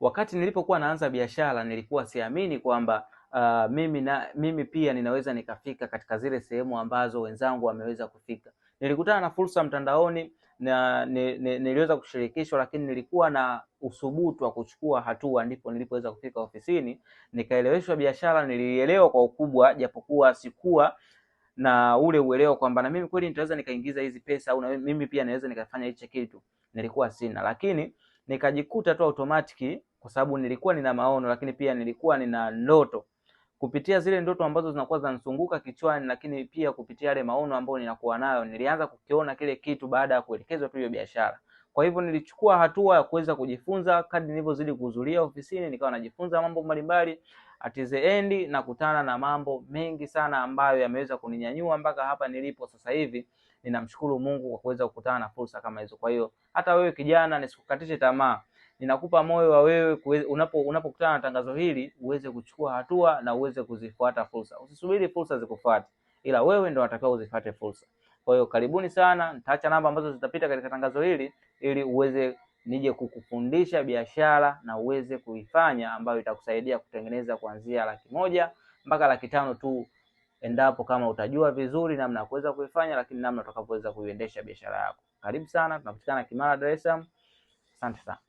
Wakati nilipokuwa naanza biashara nilikuwa siamini kwamba uh, mimi na mimi pia ninaweza nikafika katika zile sehemu ambazo wenzangu wameweza kufika. Nilikutana na fursa mtandaoni na ni, ni, niliweza kushirikishwa, lakini nilikuwa na uhubutu wa kuchukua hatua, ndipo nilipoweza kufika ofisini nikaeleweshwa biashara. Nilielewa kwa ukubwa, japokuwa sikuwa na ule uelewa kwamba na mimi kweli nitaweza nikaingiza hizi pesa au na mimi pia naweza nikafanya hicho kitu, nilikuwa sina, lakini nikajikuta tu automatic kwa sababu nilikuwa nina maono, lakini pia nilikuwa nina ndoto. Kupitia zile ndoto ambazo zinakuwa zinasunguka kichwani, lakini pia kupitia yale maono ambayo ninakuwa nayo, nilianza kukiona kile kitu baada ya kuelekezwa tu hiyo biashara. Kwa hivyo nilichukua hatua ya kuweza kujifunza kadri nilivyozidi kuhudhuria ofisini, nikawa najifunza mambo mbalimbali. At the end na kutana na mambo mengi sana ambayo yameweza kuninyanyua mpaka hapa nilipo sasa hivi. Ninamshukuru Mungu kwa kuweza kukutana na fursa kama hizo. Kwa hiyo hata wewe kijana, nisikukatishe tamaa ninakupa moyo wa wewe unapo unapokutana na tangazo hili uweze kuchukua hatua na uweze kuzifuata fursa. Usisubiri fursa zikufuate, ila wewe ndio unatakiwa uzifuate fursa. Kwa hiyo karibuni sana, nitaacha namba ambazo zitapita katika tangazo hili ili uweze nije kukufundisha biashara na uweze kuifanya ambayo itakusaidia kutengeneza kuanzia laki moja mpaka laki tano tu endapo kama utajua vizuri namna ya kuweza kuifanya, lakini namna utakavyoweza kuiendesha biashara yako. Karibu sana, tunapatikana Kimara, Dar es Salaam. Asante sana.